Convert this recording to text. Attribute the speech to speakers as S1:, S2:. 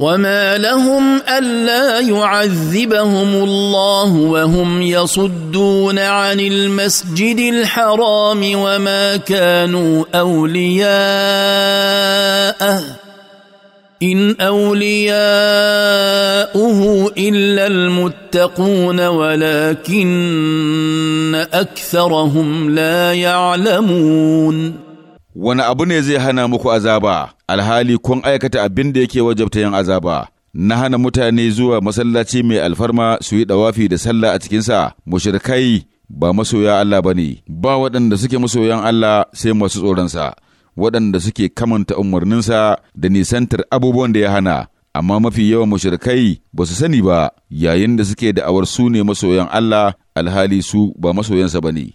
S1: وما لهم الا يعذبهم الله وهم يصدون عن المسجد الحرام وما كانوا اولياءه ان اولياؤه الا المتقون ولكن
S2: اكثرهم لا يعلمون wani abu ne zai hana muku azaba, alhali kun aikata abin da yake wajabta yin azaba. Na hana mutane zuwa masallaci mai alfarma su yi ɗawafi da sallah a cikinsa, mushrikai ba masoya Allah ba ne, ba waɗanda suke masoyan Allah sai masu tsoronsa, waɗanda suke kamanta umarninsa da nisantar abubuwan da ya hana, amma mafi yawan mushrikai ba su sani ba yayin da suke da'awar su ne masoyan Allah alhali su ba masoyansa ba ne.